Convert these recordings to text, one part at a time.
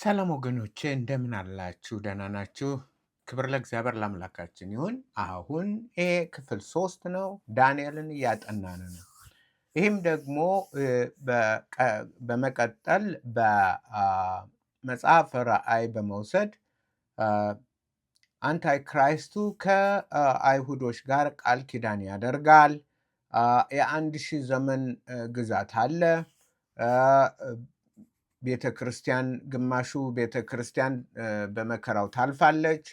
ሰላም ወገኖቼ እንደምን አላችሁ? ደህና ናችሁ? ክብር ለእግዚአብሔር ለአምላካችን ይሁን። አሁን ይሄ ክፍል ሶስት ነው። ዳንኤልን እያጠናን ነው። ይህም ደግሞ በመቀጠል በመጽሐፍ ራእይ በመውሰድ አንታይ ክራይስቱ ከአይሁዶች ጋር ቃል ኪዳን ያደርጋል። የአንድ ሺህ ዘመን ግዛት አለ። ቤተ ክርስቲያን ግማሹ ቤተ ክርስቲያን በመከራው ታልፋለች፣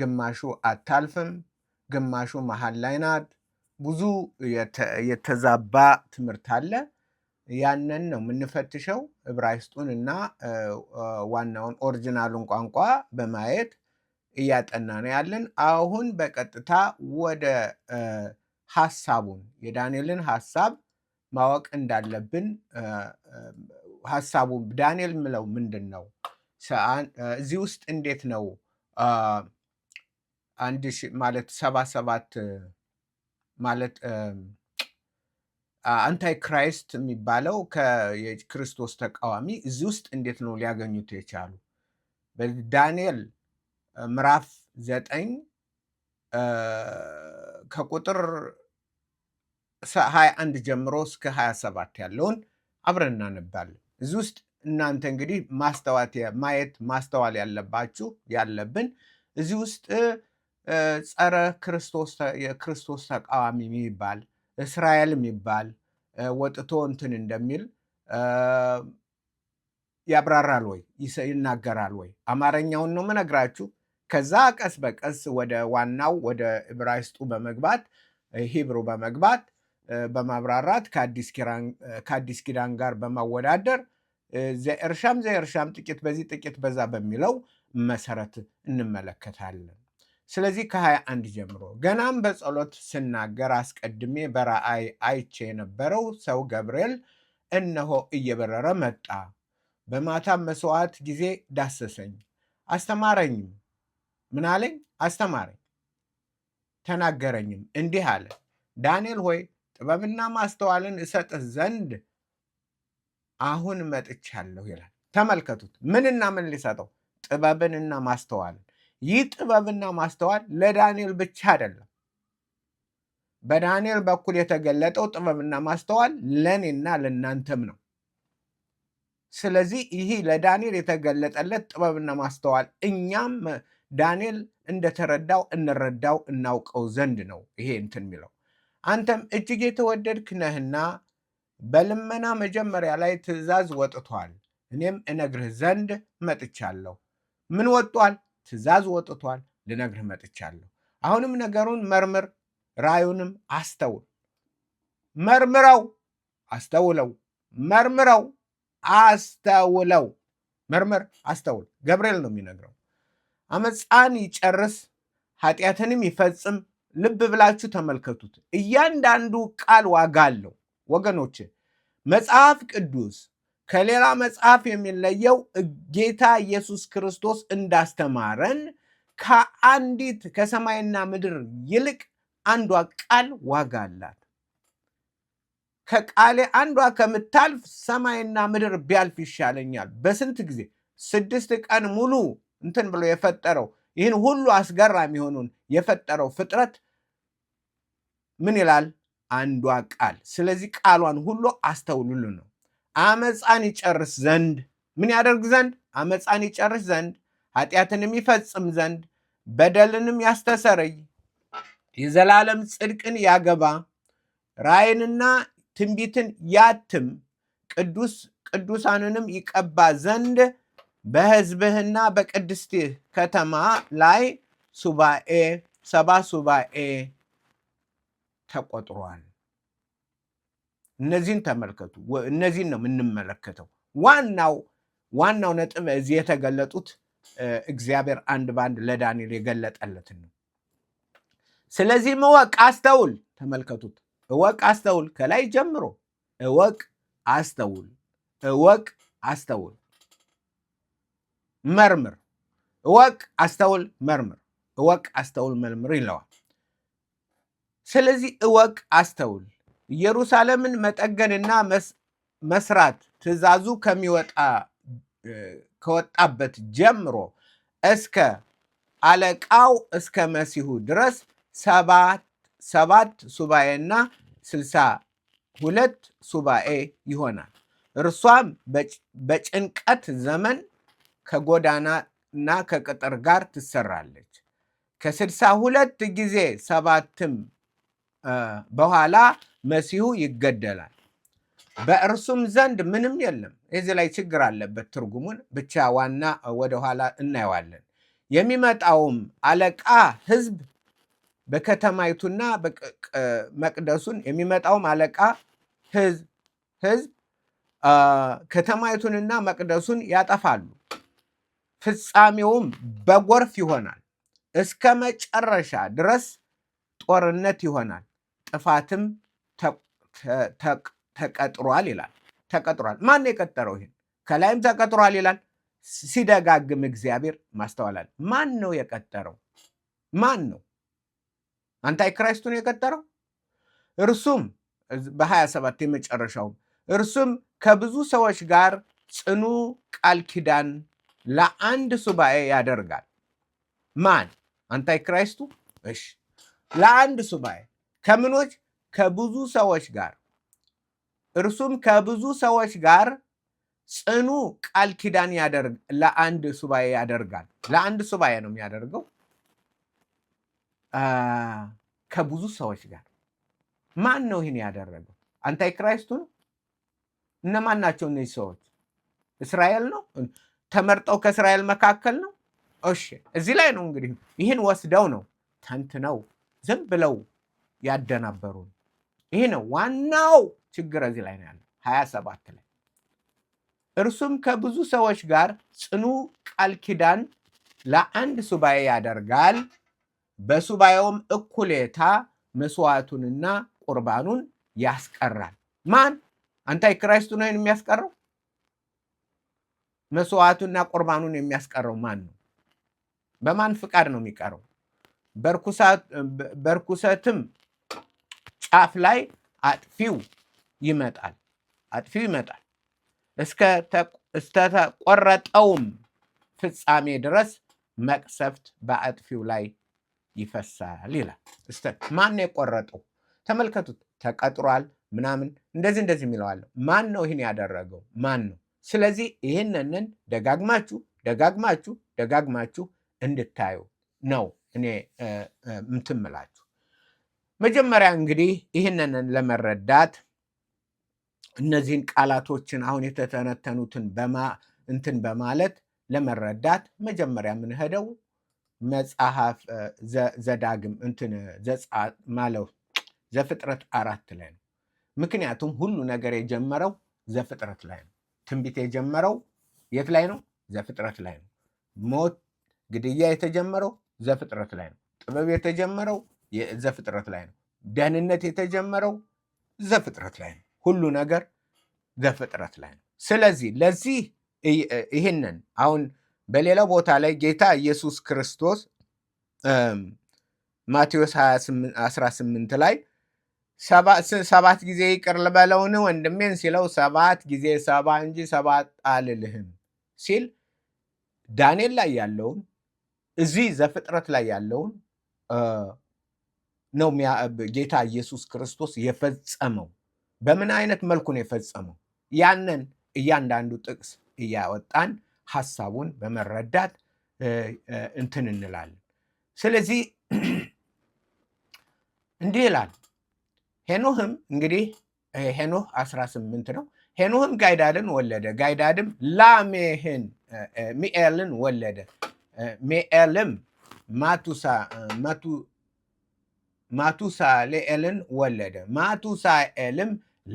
ግማሹ አታልፍም፣ ግማሹ መሀል ላይ ናት። ብዙ የተዛባ ትምህርት አለ። ያንን ነው የምንፈትሸው ዕብራይስጡን እና ዋናውን ኦሪጂናሉን ቋንቋ በማየት እያጠና ነው ያለን። አሁን በቀጥታ ወደ ሀሳቡን የዳንኤልን ሀሳብ ማወቅ እንዳለብን ሀሳቡ ዳንኤል ምለው ምንድን ነው? እዚህ ውስጥ እንዴት ነው አንድ ማለት ሰባ ሰባት ማለት አንታይ ክራይስት የሚባለው የክርስቶስ ተቃዋሚ እዚህ ውስጥ እንዴት ነው ሊያገኙት የቻሉ? በዳንኤል ምዕራፍ ዘጠኝ ከቁጥር ሀያ አንድ ጀምሮ እስከ ሀያ ሰባት ያለውን አብረን እናነባለን። እዚህ ውስጥ እናንተ እንግዲህ ማስተዋት ማየት ማስተዋል ያለባችሁ ያለብን እዚህ ውስጥ ጸረ ክርስቶስ የክርስቶስ ተቃዋሚ የሚባል እስራኤል የሚባል ወጥቶ እንትን እንደሚል ያብራራል ወይ ይናገራል ወይ? አማርኛውን ነው የምነግራችሁ። ከዛ ቀስ በቀስ ወደ ዋናው ወደ ዕብራይስጡ በመግባት ሂብሩ በመግባት በማብራራት ከአዲስ ኪዳን ጋር በማወዳደር ዘእርሻም ዘእርሻም ጥቂት በዚህ ጥቂት በዛ በሚለው መሰረት እንመለከታለን። ስለዚህ ከሀያ አንድ ጀምሮ ገናም በጸሎት ስናገር አስቀድሜ በራእይ አይቼ የነበረው ሰው ገብርኤል እነሆ እየበረረ መጣ። በማታም መስዋዕት ጊዜ ዳሰሰኝ፣ አስተማረኝም። ምን አለኝ? አስተማረኝ፣ ተናገረኝም። እንዲህ አለ፣ ዳንኤል ሆይ ጥበብና ማስተዋልን እሰጥህ ዘንድ አሁን መጥቻለሁ ይላል። ተመልከቱት። ምንና ምን ሊሰጠው? ጥበብንና ማስተዋልን። ይህ ጥበብና ማስተዋል ለዳንኤል ብቻ አይደለም። በዳንኤል በኩል የተገለጠው ጥበብና ማስተዋል ለእኔና ለእናንተም ነው። ስለዚህ ይህ ለዳንኤል የተገለጠለት ጥበብና ማስተዋል እኛም ዳንኤል እንደተረዳው እንረዳው እናውቀው ዘንድ ነው። ይሄ እንትን የሚለው አንተም እጅግ የተወደድክ ነህና በልመና መጀመሪያ ላይ ትእዛዝ ወጥቷል፣ እኔም እነግርህ ዘንድ መጥቻለሁ። ምን ወጧል? ትእዛዝ ወጥቷል፣ ልነግርህ መጥቻለሁ። አሁንም ነገሩን መርምር፣ ራዩንም አስተውል። መርምረው፣ አስተውለው፣ መርምረው፣ አስተውለው፣ መርምር፣ አስተውል። ገብርኤል ነው የሚነግረው። አመፃን ይጨርስ፣ ኃጢአትንም ይፈጽም። ልብ ብላችሁ ተመልከቱት። እያንዳንዱ ቃል ዋጋ አለው። ወገኖች መጽሐፍ ቅዱስ ከሌላ መጽሐፍ የሚለየው ጌታ ኢየሱስ ክርስቶስ እንዳስተማረን ከአንዲት ከሰማይና ምድር ይልቅ አንዷ ቃል ዋጋ አላት። ከቃሌ አንዷ ከምታልፍ ሰማይና ምድር ቢያልፍ ይሻለኛል። በስንት ጊዜ ስድስት ቀን ሙሉ እንትን ብሎ የፈጠረው ይህን ሁሉ አስገራሚ የሆኑን የፈጠረው ፍጥረት ምን ይላል? አንዷ ቃል። ስለዚህ ቃሏን ሁሉ አስተውሉሉ ነው። አመፃን ይጨርስ ዘንድ ምን ያደርግ ዘንድ? አመፃን ይጨርስ ዘንድ ኃጢአትንም ይፈጽም ዘንድ በደልንም ያስተሰርይ የዘላለም ጽድቅን ያገባ ራእይንና ትንቢትን ያትም ቅዱስ ቅዱሳንንም ይቀባ ዘንድ በሕዝብህና በቅድስትህ ከተማ ላይ ሱባኤ ሰባ ሱባኤ ተቆጥሯል። እነዚህን ተመልከቱ። እነዚህን ነው የምንመለከተው። ዋናው ዋናው ነጥብ እዚህ የተገለጡት እግዚአብሔር አንድ በአንድ ለዳንኤል የገለጠለትን ነው። ስለዚህም እወቅ አስተውል፣ ተመልከቱት። እወቅ አስተውል፣ ከላይ ጀምሮ እወቅ አስተውል፣ እወቅ አስተውል፣ መርምር፣ እወቅ አስተውል፣ መርምር፣ እወቅ አስተውል፣ መርምር ይለዋል። ስለዚህ እወቅ፣ አስተውል። ኢየሩሳሌምን መጠገንና መስራት ትእዛዙ ከሚወጣ ከወጣበት ጀምሮ እስከ አለቃው እስከ መሲሁ ድረስ ሰባት ሱባኤና ስልሳ ሁለት ሱባኤ ይሆናል። እርሷም በጭንቀት ዘመን ከጎዳናና ከቅጥር ጋር ትሰራለች። ከስልሳ ሁለት ጊዜ ሰባትም በኋላ መሲሁ ይገደላል፣ በእርሱም ዘንድ ምንም የለም። እዚህ ላይ ችግር አለበት። ትርጉሙን ብቻ ዋና ወደኋላ እናየዋለን። የሚመጣውም አለቃ ህዝብ በከተማይቱና መቅደሱን የሚመጣውም አለቃ ህዝብ ከተማይቱንና መቅደሱን ያጠፋሉ። ፍጻሜውም በጎርፍ ይሆናል። እስከ መጨረሻ ድረስ ጦርነት ይሆናል። ጥፋትም ተቀጥሯል ይላል። ተቀጥሯል። ማን የቀጠረው? ይሄን ከላይም ተቀጥሯል ይላል። ሲደጋግም እግዚአብሔር ማስተዋላል። ማን ነው የቀጠረው? ማን ነው አንታይ ክራይስቱን የቀጠረው? እርሱም በሀያ ሰባት የመጨረሻውም እርሱም ከብዙ ሰዎች ጋር ጽኑ ቃል ኪዳን ለአንድ ሱባኤ ያደርጋል። ማን አንታይክራይስቱ? እሺ ለአንድ ሱባኤ ከምኖች ከብዙ ሰዎች ጋር እርሱም ከብዙ ሰዎች ጋር ጽኑ ቃል ኪዳን ያደርግ ለአንድ ሱባኤ ያደርጋል። ለአንድ ሱባኤ ነው የሚያደርገው ከብዙ ሰዎች ጋር። ማን ነው ይህን ያደረገው? አንታይክራይስቱ ነው? እነማን ናቸው እነዚህ ሰዎች? እስራኤል ነው? ተመርጠው ከእስራኤል መካከል ነው? እሺ፣ እዚህ ላይ ነው እንግዲህ ይህን ወስደው ነው ተንትነው ዝም ብለው ያደናበሩ ይህ ነው ዋናው ችግር እዚህ ላይ ነው ያለው። ሀያ ሰባት ላይ እርሱም ከብዙ ሰዎች ጋር ጽኑ ቃል ኪዳን ለአንድ ሱባኤ ያደርጋል። በሱባኤውም እኩሌታ መስዋዕቱንና ቁርባኑን ያስቀራል። ማን አንታይ ክራይስቱ ነው የሚያስቀረው? መስዋዕቱና ቁርባኑን የሚያስቀረው ማን ነው? በማን ፍቃድ ነው የሚቀረው? በርኩሰትም ጫፍ ላይ አጥፊው ይመጣል አጥፊው ይመጣል እስከተቆረጠውም ፍጻሜ ድረስ መቅሰፍት በአጥፊው ላይ ይፈሳል ይላል። እስተ ማን ነው የቆረጠው? ተመልከቱት። ተቀጥሯል ምናምን እንደዚህ እንደዚህ የሚለዋለ ማን ነው ይህን ያደረገው? ማን ነው? ስለዚህ ይህንንን ደጋግማችሁ ደጋግማችሁ ደጋግማችሁ እንድታዩ ነው እኔ ምትምላችሁ። መጀመሪያ እንግዲህ ይህንን ለመረዳት እነዚህን ቃላቶችን አሁን የተተነተኑትን በማ እንትን በማለት ለመረዳት መጀመሪያ የምንሄደው መጽሐፍ ዘዳግም እንትን ማለው ዘፍጥረት አራት ላይ ነው። ምክንያቱም ሁሉ ነገር የጀመረው ዘፍጥረት ላይ ነው። ትንቢት የጀመረው የት ላይ ነው? ዘፍጥረት ላይ ነው። ሞት፣ ግድያ የተጀመረው ዘፍጥረት ላይ ነው። ጥበብ የተጀመረው ዘፍጥረት ላይ ነው። ደህንነት የተጀመረው ዘፍጥረት ላይ ነው። ሁሉ ነገር ዘፍጥረት ላይ ነው። ስለዚህ ለዚህ ይህንን አሁን በሌላ ቦታ ላይ ጌታ ኢየሱስ ክርስቶስ ማቴዎስ 18 ላይ ሰባት ጊዜ ይቅር ልበለውን ወንድሜን ሲለው ሰባት ጊዜ ሰባ እንጂ ሰባት አልልህም ሲል ዳንኤል ላይ ያለውን እዚህ ዘፍጥረት ላይ ያለውን ነው ጌታ ኢየሱስ ክርስቶስ የፈጸመው። በምን አይነት መልኩ ነው የፈጸመው? ያንን እያንዳንዱ ጥቅስ እያወጣን ሀሳቡን በመረዳት እንትን እንላለን። ስለዚህ እንዲህ ይላል። ሄኖህም እንግዲህ ሄኖህ 18 ነው። ሄኖህም ጋይዳድን ወለደ። ጋይዳድም ላሜህን ሚኤልን ወለደ። ሚኤልም ማቱሳ ማቱሳኤልን ወለደ። ማቱሳኤልም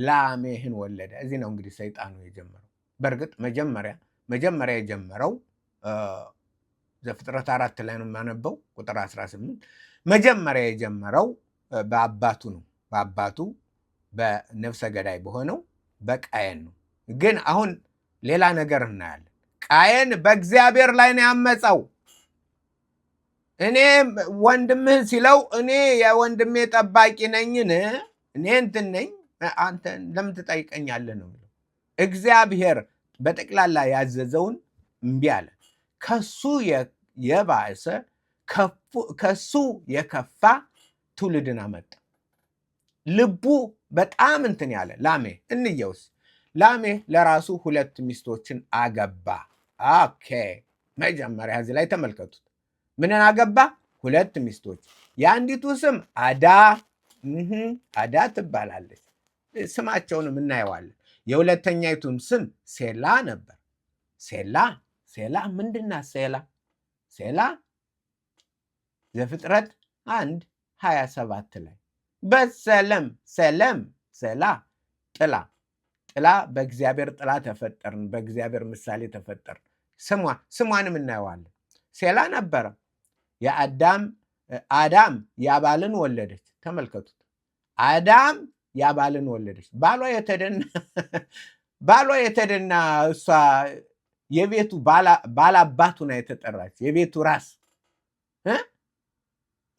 ላሜህን ወለደ። እዚህ ነው እንግዲህ ሰይጣኑ የጀመረው። በእርግጥ መጀመሪያ መጀመሪያ የጀመረው ዘፍጥረት አራት ላይ ነው የማነበው ቁጥር 18 መጀመሪያ የጀመረው በአባቱ ነው በአባቱ በነፍሰ ገዳይ በሆነው በቃየን ነው። ግን አሁን ሌላ ነገር እናያለን። ቃየን በእግዚአብሔር ላይ ነው ያመፀው። እኔ ወንድም ሲለው እኔ የወንድሜ ጠባቂ ነኝን? እኔ እንትን ነኝ አንተ ለምን ትጠይቀኛለህ ነው እግዚአብሔር በጠቅላላ ያዘዘውን እምቢ አለ። ከሱ የባሰ ከሱ የከፋ ትውልድን አመጣ። ልቡ በጣም እንትን ያለ ላሜ እንየውስ። ላሜ ለራሱ ሁለት ሚስቶችን አገባ። ኦኬ መጀመሪያ እዚህ ላይ ተመልከቱት። ምንን አገባ? ሁለት ሚስቶች። የአንዲቱ ስም አዳ አዳ ትባላለች። ስማቸውን እናየዋለን። የሁለተኛይቱም ስም ሴላ ነበር። ሴላ ሴላ ምንድና ሴላ ሴላ ዘፍጥረት አንድ ሀያ ሰባት ላይ በሰለም ሰለም ሰላ ጥላ ጥላ በእግዚአብሔር ጥላ ተፈጠርን፣ በእግዚአብሔር ምሳሌ ተፈጠርን። ስሟ ስሟንም እናየዋለን። ሴላ ነበረ። የአዳም አዳም ያባልን ወለደች። ተመልከቱት። አዳም ያባልን ወለደች። ባሏ የተደና ባሏ የተደና እሷ የቤቱ ባላባቱና የተጠራች የቤቱ ራስ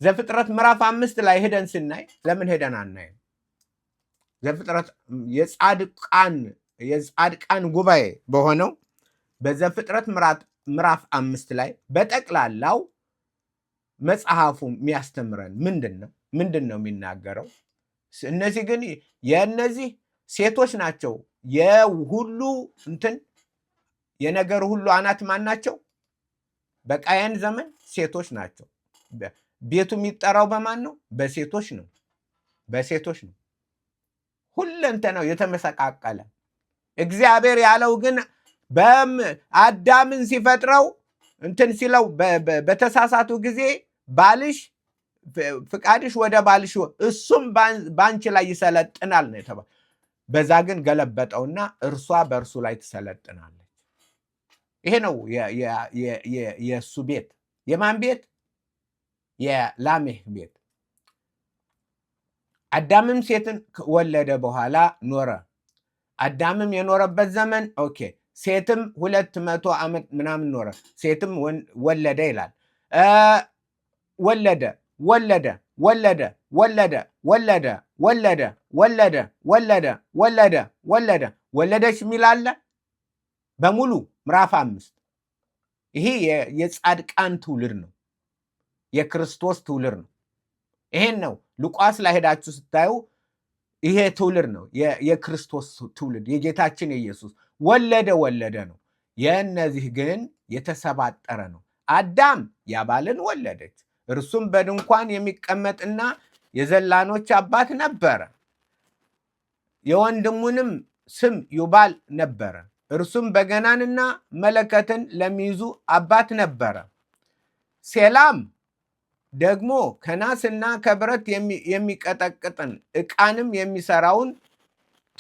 ዘፍጥረት ምዕራፍ አምስት ላይ ሄደን ስናይ ለምን ሄደን አናይ ዘፍጥረት የጻድቃን የጻድቃን ጉባኤ በሆነው በዘፍጥረት ምዕራፍ አምስት ላይ በጠቅላላው መጽሐፉ የሚያስተምረን ምንድን ነው? ምንድን ነው የሚናገረው? እነዚህ ግን የእነዚህ ሴቶች ናቸው። የሁሉ እንትን የነገር ሁሉ አናት ማን ናቸው? በቃየን ዘመን ሴቶች ናቸው። ቤቱ የሚጠራው በማን ነው? በሴቶች ነው። በሴቶች ነው። ነው የተመሰቃቀለ። እግዚአብሔር ያለው ግን አዳምን ሲፈጥረው እንትን ሲለው በተሳሳቱ ጊዜ ባልሽ ፍቃድሽ ወደ ባልሽ እሱም በአንቺ ላይ ይሰለጥናል ነው የተባለው። በዛ ግን ገለበጠውና እርሷ በእርሱ ላይ ትሰለጥናለች። ይሄ ነው የእሱ ቤት። የማን ቤት? የላሜህ ቤት። አዳምም ሴትን ወለደ በኋላ ኖረ። አዳምም የኖረበት ዘመን ኦኬ፣ ሴትም ሁለት መቶ ዓመት ምናምን ኖረ፣ ሴትም ወለደ ይላል። ወለደ ወለደ ወለደ ወለደ ወለደ ወለደ ወለደ ወለደ ወለደ ወለደ ወለደች የሚል አለ በሙሉ ምዕራፍ አምስት ይሄ የጻድቃን ትውልድ ነው፣ የክርስቶስ ትውልድ ነው። ይሄን ነው ሉቃስ ላይ ሄዳችሁ ስታዩ ይሄ ትውልድ ነው የክርስቶስ ትውልድ የጌታችን የኢየሱስ ወለደ ወለደ ነው። የእነዚህ ግን የተሰባጠረ ነው። አዳም ያባልን ወለደች እርሱም በድንኳን የሚቀመጥና የዘላኖች አባት ነበረ። የወንድሙንም ስም ዩባል ነበረ። እርሱም በገናንና መለከትን ለሚይዙ አባት ነበረ። ሴላም ደግሞ ከናስና ከብረት የሚቀጠቅጥን ዕቃንም የሚሰራውን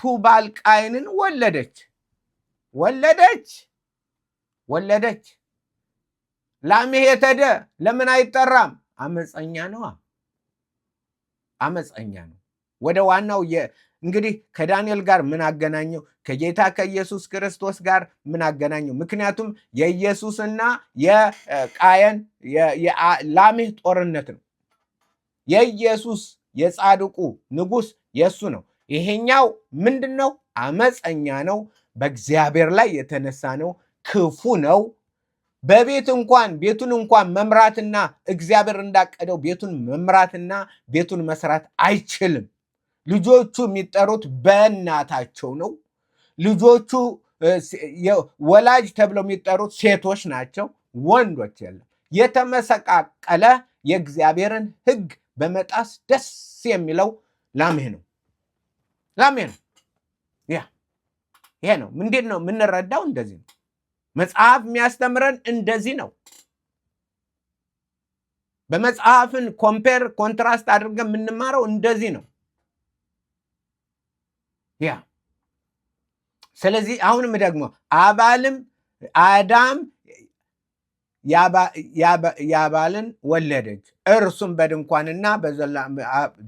ቱባል ቃይንን ወለደች ወለደች ወለደች ላምሄ ተደ ለምን አይጠራም? አመፀኛ ነው፣ አመፀኛ ነው። ወደ ዋናው እንግዲህ ከዳንኤል ጋር ምን አገናኘው? ከጌታ ከኢየሱስ ክርስቶስ ጋር ምን አገናኘው? ምክንያቱም የኢየሱስና የቃየን ላሚህ ጦርነት ነው። የኢየሱስ የጻድቁ ንጉሥ የእሱ ነው። ይሄኛው ምንድን ነው? አመፀኛ ነው። በእግዚአብሔር ላይ የተነሳ ነው። ክፉ ነው። በቤት እንኳን ቤቱን እንኳን መምራትና እግዚአብሔር እንዳቀደው ቤቱን መምራትና ቤቱን መስራት አይችልም። ልጆቹ የሚጠሩት በእናታቸው ነው። ልጆቹ ወላጅ ተብለው የሚጠሩት ሴቶች ናቸው፣ ወንዶች የለም። የተመሰቃቀለ የእግዚአብሔርን ሕግ በመጣስ ደስ የሚለው ላሜ ነው፣ ላሜ ነው። ያ ይሄ ነው። ምንድን ነው የምንረዳው? እንደዚህ ነው። መጽሐፍ የሚያስተምረን እንደዚህ ነው። በመጽሐፍን ኮምፔር ኮንትራስት አድርገን የምንማረው እንደዚህ ነው። ያ ስለዚህ አሁንም ደግሞ አባልም አዳም ያባልን ወለደች፣ እርሱም በድንኳንና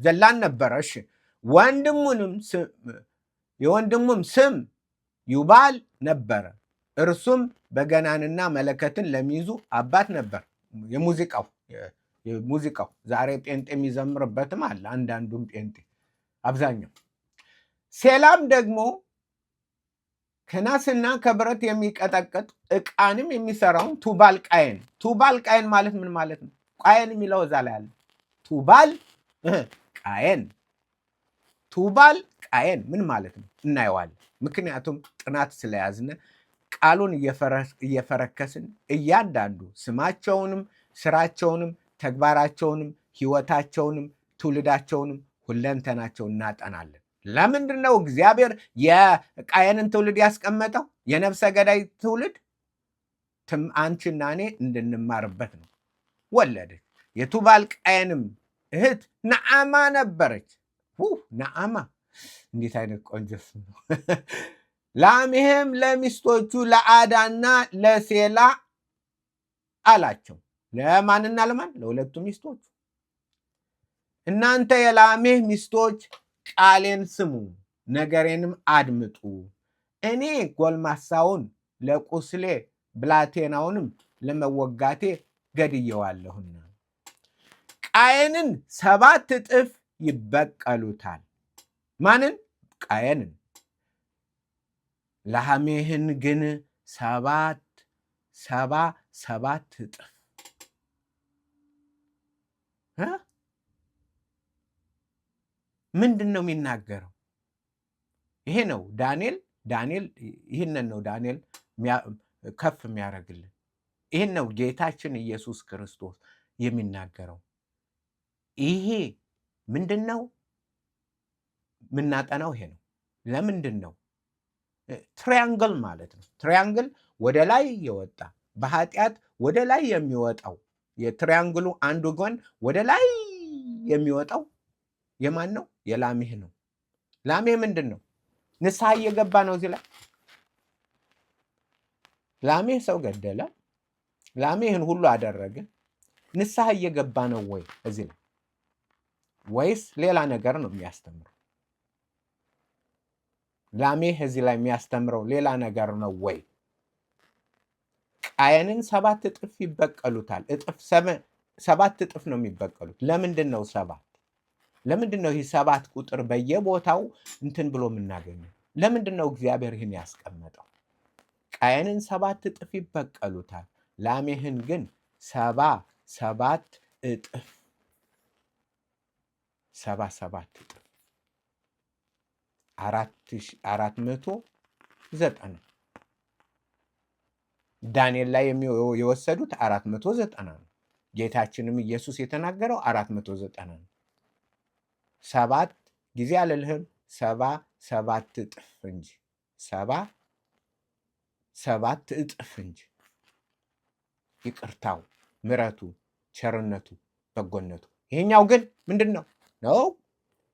ዘላን ነበረ። እሺ ወንድሙንም የወንድሙም ስም ዩባል ነበረ። እርሱም በገናንና መለከትን ለሚይዙ አባት ነበር። የሙዚቃው ሙዚቃው ዛሬ ጴንጤ የሚዘምርበትም አለ። አንዳንዱም ጴንጤ አብዛኛው። ሴላም ደግሞ ከናስና ከብረት የሚቀጠቅጥ እቃንም የሚሰራውን ቱባል ቃየን። ቱባል ቃየን ማለት ምን ማለት ነው? ቃየን የሚለው እዛ ላይ አለ። ቱባል ቃየን፣ ቱባል ቃየን ምን ማለት ነው እናየዋለን። ምክንያቱም ጥናት ስለያዝነ ቃሉን እየፈረከስን እያንዳንዱ ስማቸውንም ስራቸውንም ተግባራቸውንም ህይወታቸውንም ትውልዳቸውንም ሁለንተናቸውን እናጠናለን። ለምንድን ነው እግዚአብሔር የቃየንን ትውልድ ያስቀመጠው? የነፍሰ ገዳይ ትውልድ አንቺና እኔ እንድንማርበት ነው። ወለደች። የቱባል ቃየንም እህት ነአማ ነበረች። ነአማ እንዴት አይነት ቆንጆ ነው! ላሜህም ለሚስቶቹ ለአዳና ለሴላ አላቸው። ለማንና ለማን? ለሁለቱ ሚስቶቹ። እናንተ የላሜህ ሚስቶች ቃሌን ስሙ፣ ነገሬንም አድምጡ። እኔ ጎልማሳውን ለቁስሌ ብላቴናውንም ለመወጋቴ ገድየዋለሁና ቃየንን ሰባት እጥፍ ይበቀሉታል። ማንን? ቃየንን ላሜህን ግን ሰባት ሰባ ሰባት እጥፍ ምንድን ነው የሚናገረው? ይሄ ነው ዳንኤል ዳንኤል ይህንን ነው ዳንኤል ከፍ የሚያደርግልን። ይህን ነው ጌታችን ኢየሱስ ክርስቶስ የሚናገረው። ይሄ ምንድን ነው የምናጠናው? ይሄ ነው ለምንድን ነው ትሪያንግል ማለት ነው። ትሪያንግል ወደ ላይ የወጣ በኃጢአት ወደ ላይ የሚወጣው የትሪያንግሉ አንዱ ጎን ወደ ላይ የሚወጣው የማን ነው? የላሜህ ነው። ላሜህ ምንድን ነው? ንስሐ እየገባ ነው። እዚህ ላይ ላሜህ ሰው ገደለ። ላሜህን ሁሉ አደረገ። ንስሐ እየገባ ነው ወይ? እዚህ ላይ ወይስ ሌላ ነገር ነው የሚያስተምረው? ላሜህ እዚህ ላይ የሚያስተምረው ሌላ ነገር ነው ወይ? ቃየንን ሰባት እጥፍ ይበቀሉታል። ሰባት እጥፍ ነው የሚበቀሉት። ለምንድን ነው ሰባት? ለምንድን ነው ይህ ሰባት ቁጥር በየቦታው እንትን ብሎ የምናገኘው? ለምንድን ነው እግዚአብሔር ይህን ያስቀመጠው? ቃየንን ሰባት እጥፍ ይበቀሉታል፣ ላሜህን ግን ሰባ ሰባት እጥፍ ሰባ ሰባት እጥፍ አራት መቶ ዘጠና ዳንኤል ላይ የወሰዱት አራት መቶ ዘጠና ነው። ጌታችንም ኢየሱስ የተናገረው አራት መቶ ዘጠና ነው። ሰባት ጊዜ አልልህም ሰባ ሰባት እጥፍ እንጂ ሰባ ሰባት እጥፍ እንጂ ይቅርታው፣ ምረቱ፣ ቸርነቱ፣ በጎነቱ ይሄኛው ግን ምንድን ነው ነው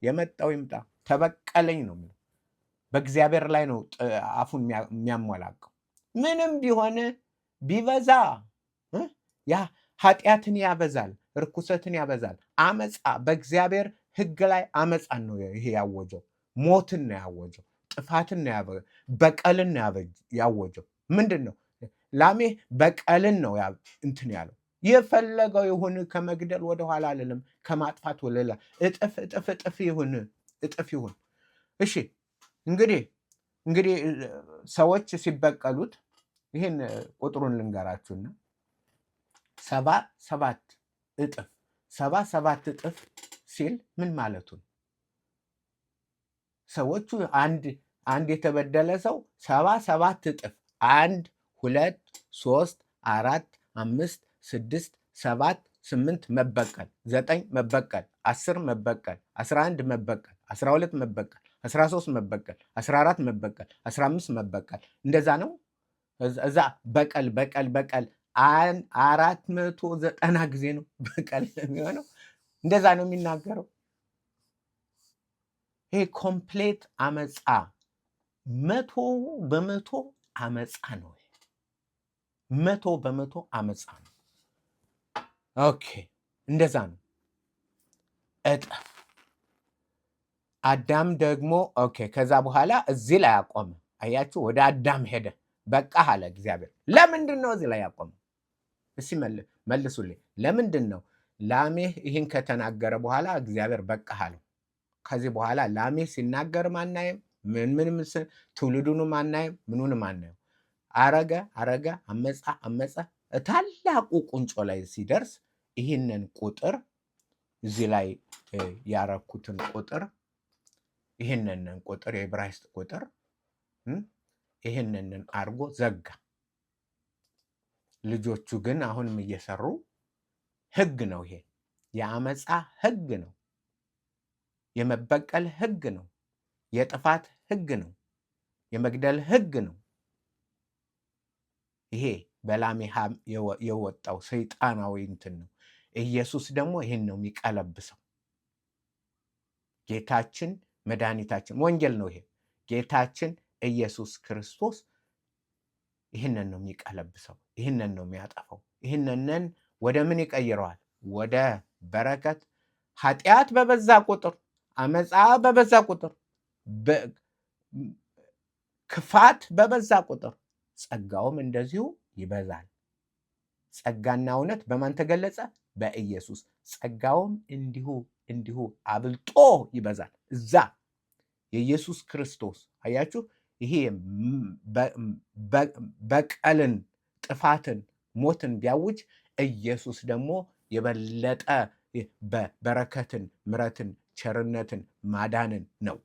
የመጣው ይምጣ ተበቀለኝ ነው በእግዚአብሔር ላይ ነው አፉን የሚያሞላቀው። ምንም ቢሆን ቢበዛ ያ ኃጢአትን ያበዛል፣ ርኩሰትን ያበዛል። አመፃ በእግዚአብሔር ሕግ ላይ አመፃን ነው ይሄ ያወጀው። ሞትን ነው ያወጀው። ጥፋትን ነው ያበ በቀልን ነው ያወጀው። ምንድን ነው ላሜ በቀልን ነው እንትን ያለው። የፈለገው ይሁን ከመግደል ወደኋላ አልልም፣ ከማጥፋት ወለላ እጥፍ እጥፍ እጥፍ ይሁን እጥፍ ይሁን እሺ እንግዲህ እንግዲህ ሰዎች ሲበቀሉት ይህን ቁጥሩን ልንገራችሁና ሰባ ሰባት እጥፍ ሰባ ሰባት እጥፍ ሲል ምን ማለቱ ነው? ሰዎቹ አንድ አንድ የተበደለ ሰው ሰባ ሰባት እጥፍ አንድ ሁለት ሶስት አራት አምስት ስድስት ሰባት ስምንት መበቀል ዘጠኝ መበቀል አስር መበቀል አስራ አንድ መበቀል አስራ ሁለት መበቀል 13 መበቀል፣ 14 መበቀል፣ 15 መበቀል እንደዛ ነው። እዛ በቀል በቀል በቀል አራት መቶ ዘጠና ጊዜ ነው በቀል የሚሆነው። እንደዛ ነው የሚናገረው። ይሄ ኮምፕሌት አመፃ መቶ በመቶ አመፃ ነው። መቶ በመቶ አመፃ ነው። ኦኬ እንደዛ ነው እጠፍ አዳም ደግሞ ኦኬ። ከዛ በኋላ እዚህ ላይ አቆመ። አያችሁ፣ ወደ አዳም ሄደ። በቃ አለ እግዚአብሔር። ለምንድን ነው እዚህ ላይ ያቆመ? እስኪ መልሱልኝ። ለምንድን ነው ላሜህ ይህን ከተናገረ በኋላ እግዚአብሔር በቃ አለው? ከዚህ በኋላ ላሜህ ሲናገር ማናየም ምን ምንም ትውልዱንም አናየም፣ ምኑንም አናየም። አረገ አረገ፣ አመፃ አመፀ። ታላቁ ቁንጮ ላይ ሲደርስ ይህንን ቁጥር እዚህ ላይ ያረኩትን ቁጥር ይህንንን ቁጥር የዕብራይስጥ ቁጥር ይህንንን አድርጎ ዘጋ። ልጆቹ ግን አሁንም እየሰሩ ህግ ነው። ይሄ የአመፃ ህግ ነው። የመበቀል ህግ ነው። የጥፋት ህግ ነው። የመግደል ህግ ነው። ይሄ በላሜሃ የወጣው ሰይጣናዊ እንትን ነው። ኢየሱስ ደግሞ ይህን ነው የሚቀለብሰው ጌታችን መድኃኒታችን ወንጌል ነው ይሄ። ጌታችን ኢየሱስ ክርስቶስ ይህንን ነው የሚቀለብሰው፣ ይህንን ነው የሚያጠፈው፣ ይህንንን ወደ ምን ይቀይረዋል? ወደ በረከት። ኃጢአት በበዛ ቁጥር፣ አመፃ በበዛ ቁጥር፣ ክፋት በበዛ ቁጥር ጸጋውም እንደዚሁ ይበዛል። ጸጋና እውነት በማን ተገለጸ? በኢየሱስ። ጸጋውም እንዲሁ እንዲሁ አብልጦ ይበዛል እዛ የኢየሱስ ክርስቶስ አያችሁ፣ ይሄ በቀልን፣ ጥፋትን፣ ሞትን ቢያውጅ ኢየሱስ ደግሞ የበለጠ በረከትን፣ ምረትን፣ ቸርነትን፣ ማዳንን ነው።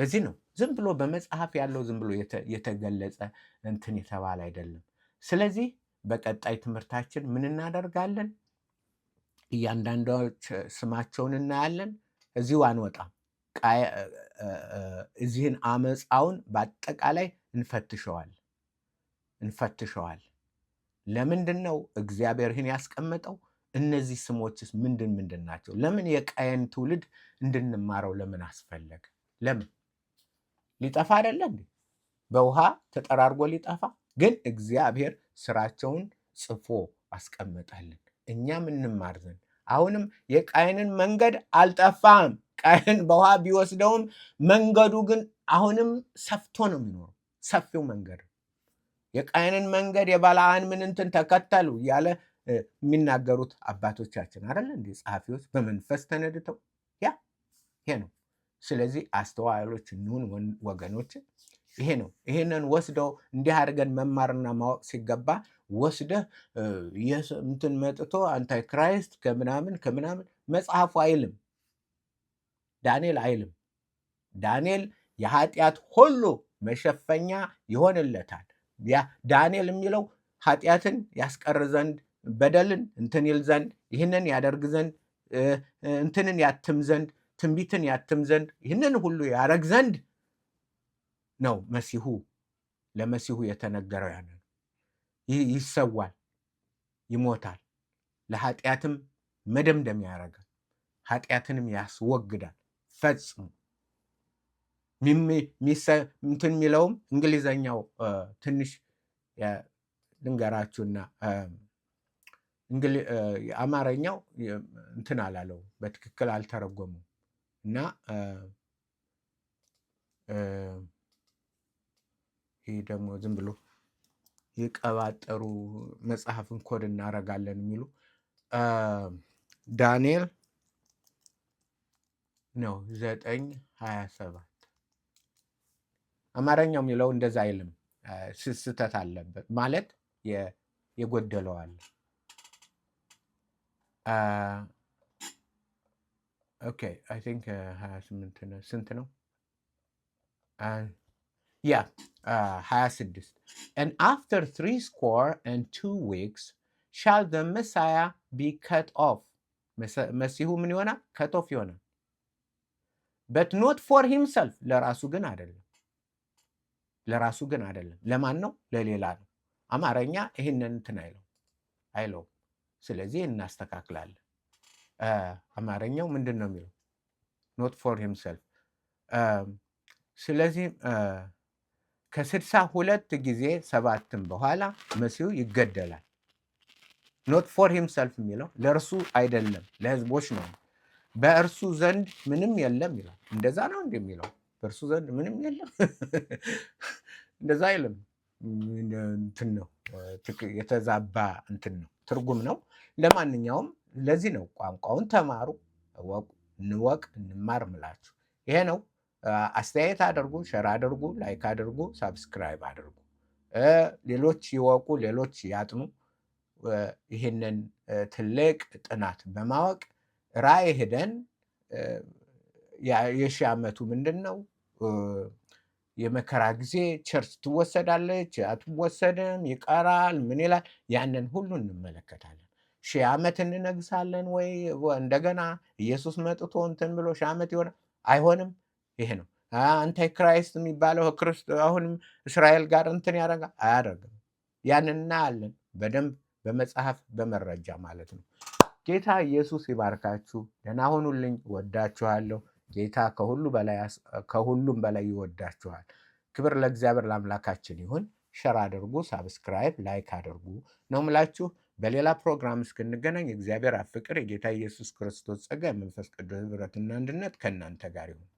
ለዚህ ነው ዝም ብሎ በመጽሐፍ ያለው ዝም ብሎ የተገለጸ እንትን የተባለ አይደለም። ስለዚህ በቀጣይ ትምህርታችን ምን እናደርጋለን? እያንዳንዳዎች ስማቸውን እናያለን። እዚሁ አንወጣም። እዚህን አመፃውን በአጠቃላይ እንፈትሸዋል እንፈትሸዋል። ለምንድን ነው እግዚአብሔር ይህን ያስቀመጠው? እነዚህ ስሞችስ ምንድን ምንድን ናቸው? ለምን የቃየን ትውልድ እንድንማረው ለምን አስፈለገ? ለምን ሊጠፋ አይደለ እንዴ? በውሃ ተጠራርጎ ሊጠፋ ግን እግዚአብሔር ስራቸውን ጽፎ አስቀመጠልን፣ እኛም እንማር ዘንድ። አሁንም የቃየንን መንገድ አልጠፋም ቀን በውሃ ቢወስደውም መንገዱ ግን አሁንም ሰፍቶ ነው የሚኖረው። ሰፊው መንገድ የቃየንን መንገድ የበለዓን ምንንትን ተከተሉ እያለ የሚናገሩት አባቶቻችን አይደለ እንዲ ጸሐፊዎች በመንፈስ ተነድተው ያ ይሄ ነው። ስለዚህ አስተዋሎች እንሁን ወገኖች። ይሄ ነው። ይሄንን ወስደው እንዲህ አድርገን መማርና ማወቅ ሲገባ ወስደህ የምትን መጥቶ አንታይ ክራይስት ከምናምን ከምናምን መጽሐፉ አይልም። ዳንኤል አይልም። ዳንኤል የኃጢአት ሁሉ መሸፈኛ ይሆንለታል። ዳንኤል የሚለው ኃጢአትን ያስቀር ዘንድ በደልን እንትን ይል ዘንድ ይህንን ያደርግ ዘንድ እንትንን ያትም ዘንድ ትንቢትን ያትም ዘንድ ይህንን ሁሉ ያደረግ ዘንድ ነው። መሲሁ ለመሲሁ የተነገረው ያን ይሰዋል፣ ይሞታል፣ ለኃጢአትም መደምደም ያደርጋል፣ ኃጢአትንም ያስወግዳል። ፈጽሙ እንትን የሚለውም እንግሊዘኛው ትንሽ ልንገራችሁና አማረኛው እንትን አላለው በትክክል አልተረጎሙም እና ይህ ደግሞ ዝም ብሎ የቀባጠሩ መጽሐፍን ኮድ እናረጋለን የሚሉ ዳንኤል ነው ዘጠኝ ሀያ ሰባት አማርኛው የሚለው እንደዛ አይልም። ስስተት አለበት ማለት የጎደለዋል። ኦኬ አይ ቲንክ ሀያ ስምንት ነው ስንት ነው? ያ ሀያ ስድስት and after three score and two weeks shall the Messiah be cut off መሲሁ ምን ይሆናል? ከት ኦፍ ይሆናል በት ኖት ፎር ሂምሰልፍ ለራሱ ግን አይደለም። ለራሱ ግን አይደለም። ለማን ነው? ለሌላ ነው። አማርኛ ይህንን እንትን አይለው አይለውም። ስለዚህ እናስተካክላለን። አማርኛው ምንድን ነው የሚለው? ኖት ፎር ሂምሰልፍ። ስለዚህ ከስድሳ ሁለት ጊዜ ሰባትም በኋላ መሲሁ ይገደላል። ኖት ፎር ሂምሰልፍ የሚለው ለእርሱ አይደለም፣ ለህዝቦች ነው። በእርሱ ዘንድ ምንም የለም ይላል። እንደዛ ነው እንዲ የሚለው በእርሱ ዘንድ ምንም የለም እንደዛ የለም። እንትን ነው የተዛባ እንትን ነው ትርጉም ነው። ለማንኛውም ለዚህ ነው ቋንቋውን ተማሩ፣ እወቁ፣ እንወቅ፣ እንማር ምላችሁ ይሄ ነው። አስተያየት አድርጉ፣ ሸር አድርጉ፣ ላይክ አድርጉ፣ ሳብስክራይብ አድርጉ። ሌሎች ይወቁ፣ ሌሎች ያጥኑ። ይህንን ትልቅ ጥናት በማወቅ ራእይ ሄደን የሺ ዓመቱ ምንድን ነው የመከራ ጊዜ ቸርች ትወሰዳለች አትወሰድም፣ ይቀራል፣ ምን ይላል? ያንን ሁሉ እንመለከታለን። ሺ ዓመት እንነግሳለን ወይ እንደገና ኢየሱስ መጥቶ እንትን ብሎ ሺ ዓመት ይሆነ አይሆንም። ይሄ ነው አንታይ ክራይስት የሚባለው ክርስቶ አሁንም እስራኤል ጋር እንትን ያደርጋል አያደርግም። ያንን እናያለን በደንብ በመጽሐፍ በመረጃ ማለት ነው። ጌታ ኢየሱስ ይባርካችሁ። ደህና ሆኑልኝ። ወዳችኋለሁ። ጌታ ከሁሉም በላይ ይወዳችኋል። ክብር ለእግዚአብሔር ለአምላካችን ይሁን። ሸር አድርጉ፣ ሳብስክራይብ፣ ላይክ አድርጉ ነው ምላችሁ። በሌላ ፕሮግራም እስክንገናኝ የእግዚአብሔር አፍቅር የጌታ ኢየሱስ ክርስቶስ ጸጋ፣ የመንፈስ ቅዱስ ህብረትና አንድነት ከእናንተ ጋር ይሁን።